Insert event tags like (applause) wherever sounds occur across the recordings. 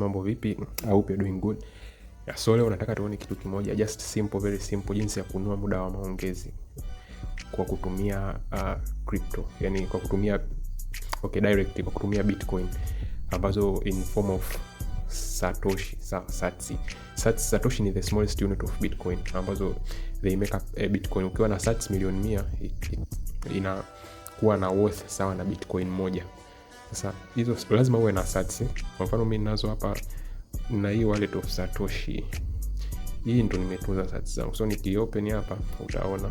mambo vipi? I hope doing good. Ya, so leo nataka tuone kitu kimoja, just simple, very simple, jinsi ya kununua muda wa maongezi kwa kutumia uh, crypto, yani kwa kutumia okay, direct kwa kutumia Bitcoin ambazo in form of satoshi sa, satsi. Satsi, satoshi ni the smallest unit of Bitcoin ambazo they make up a eh, Bitcoin. Ukiwa na sats milioni mia inakuwa na worth sawa na Bitcoin moja. Sasa hizo lazima uwe na sats. Eh? Kwa mfano mi nazo hapa na hii wallet of Satoshi. Hii ndo nimetunza sats zangu. So nikiopen hapa utaona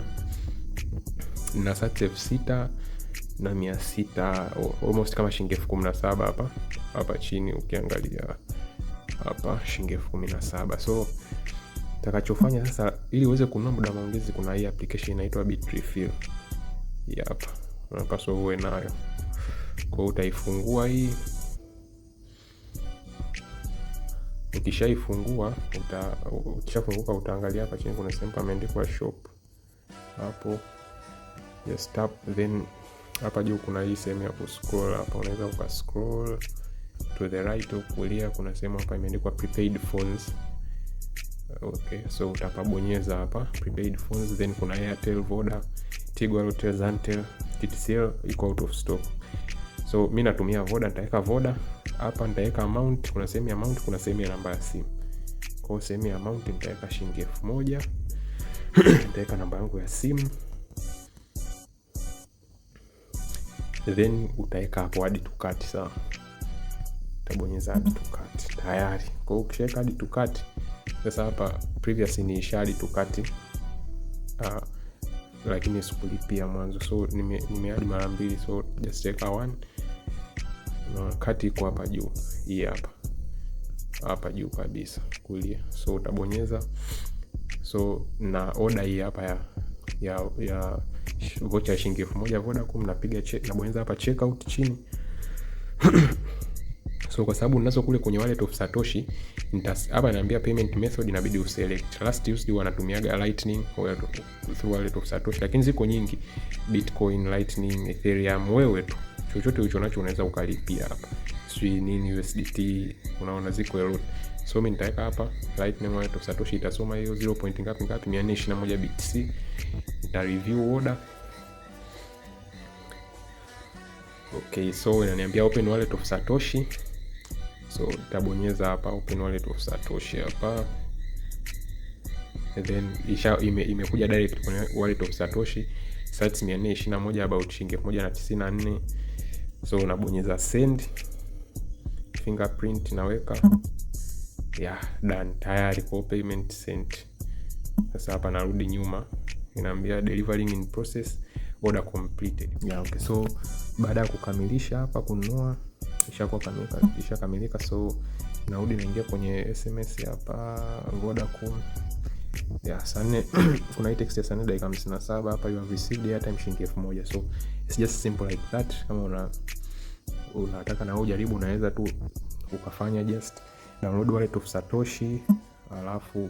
na sats elfu sita na mia sita almost kama shilingi elfu kumi na saba hapa hapa chini ukiangalia hapa shilingi elfu kumi na saba so takachofanya sasa ili uweze kununua muda maongezi kuna hii application inaitwa Bitrefill hapa unapaswa uwe nayo kwa utaifungua hii. Ukishaifungua uta, ukishafunguka utaangalia hapa chini kuna sehemu pameandikwa shop hapo, yes, tap then hapa juu kuna hii sehemu ya kuscroll hapa, unaweza ukascroll to the right au kulia. Kuna sehemu hapa imeandikwa prepaid phones. Okay, so utapabonyeza hapa prepaid phones, then kuna Airtel, Voda, Tigo, Alcatel, Zantel, TTCL iko out of stock. So mi natumia voda, nitaweka voda hapa, nitaweka amount. Kuna sehemu ya amount, kuna sehemu ya namba ya simu. Kwa hiyo sehemu ya amount nitaweka shilingi elfu moja (clears throat) nitaweka namba yangu ya simu, then utaweka hapo hadi tukati. Sawa, utabonyeza hadi tukati tayari. Kwa hiyo ukishaweka hadi tukati, sasa hapa previous ni hadi tukati uh, lakini sikulipia mwanzo, so nime, nimeadi mara mbili, so just weka one na kati iko hapa juu, hii hapa hapa juu kabisa kulia, so utabonyeza, so na oda hii hapa ya ya ya vocha ya shilingi elfu moja Vodacom, napiga nabonyeza hapa checkout chini (clears throat) So kwa sababu ninazo kule kwenye wallet of Satoshi, hapa naambia payment method inabidi uselect. Last used wanatumiaga Lightning through wallet of Satoshi, lakini ziko nyingi, Bitcoin, Lightning, Ethereum, wewe tu chochote ulicho nacho unaweza ukalipia hapa, sijui nini USDT, unaona ziko lot. So mimi nitaweka hapa Lightning wallet of Satoshi, itasoma hiyo 0. ngapi ngapi 421 BTC, ita review order Okay, so inaniambia open wallet of Satoshi so utabonyeza hapa open wallet of Satoshi hapa and then isha ime, imekuja direct kwenye wallet of Satoshi sats moja about shilingi nne. so unabonyeza send fingerprint naweka yeah done tayari kwa payment sent sasa hapa narudi nyuma inaambia delivering in process order completed yeah, okay. so baada ya kukamilisha hapa kununua ishakuwa ishakamilika, so narudi naingia kwenye sms hapa Vodacom ya saa (clears throat) kuna hii text ya sanne dakika hamsini na saba hapa, you have received airtime shilingi elfu moja. So it's just simple like that. Kama una unataka na wewe ujaribu, unaweza tu ukafanya just download wallet of Satoshi, alafu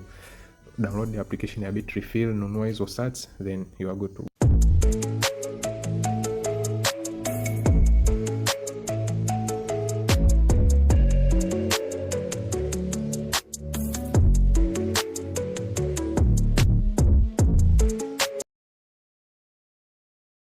download the application ya Bitrefill, nunua hizo sats, then you are good to